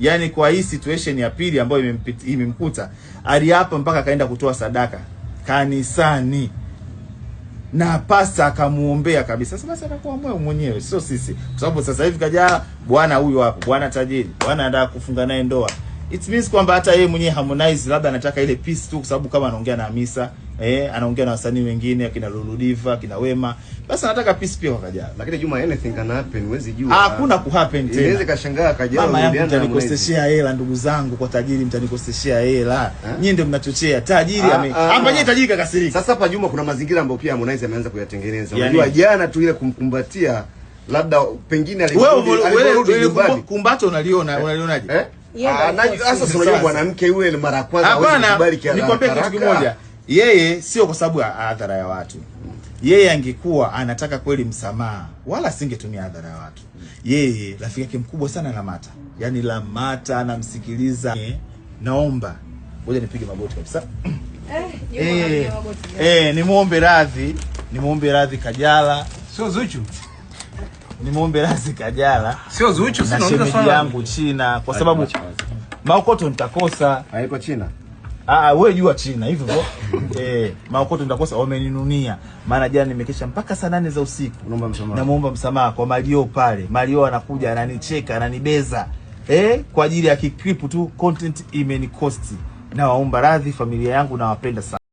yani kwa hii situation ya pili ambayo imemkuta, aliapa mpaka akaenda kutoa sadaka kanisani na pasta akamuombea kabisa. Sasa basi atakuwa moyo mwenyewe, sio sisi, kwa sababu sasa hivi kaja ah, bwana huyo hapo, bwana tajiri, bwana anataka kufunga naye ndoa it means kwamba hata yeye mwenyewe Harmonize labda anataka ile peace tu, kwa sababu kama anaongea na Hamisa eh, anaongea na wasanii wengine akina Lulu Diva, akina Wema, basi anataka peace pia wakaja. Lakini Juma, anything can happen, huwezi jua. Ah, hakuna ku happen tena, inaweza kashangaa akaja, Mama yangu mtanikoseshea hela, ndugu zangu, kwa tajiri mtanikoseshea hela, ah. nyinyi ndio mnachochea tajiri. Ah, ame hapa nyinyi tajiri kakasirika. Sasa hapa Juma, kuna mazingira ambayo pia Harmonize ameanza kuyatengeneza. Unajua jana tu ile kumkumbatia labda pengine alirudi alirudi nyumbani, kumbato unaliona eh? unalionaje? Eh? Ah, sasa unajua mwanamke mara ya kwanza kukubali Nikwambie kitu kimoja, yeye sio kwa sababu ya adhara ya watu. Yeye angekuwa anataka kweli msamaha, wala asingetumia adhara ya watu. Yeye rafiki yake mkubwa sana Lamata, yaani Lamata anamsikiliza. Eh, naomba ngoja nipige magoti kabisa. Eh, eh, eh, nimuombe radhi, nimuombe radhi Kajala, sio Zuchu nimwombe Lazi Kajala sio Zuchu, na shemeji yangu China kwa sababu maokoto nitakosa. Haiko China ah, ah, wewe jua China hivyo eh, maokoto nitakosa, wameninunia. Maana jana nimekesha mpaka saa nane za usiku, naomba msamaha kwa Malio pale. Malio anakuja ananicheka ananibeza eh, kwa ajili ya kikripu tu, content imenikosti. Nawaomba radhi familia yangu, nawapenda sana.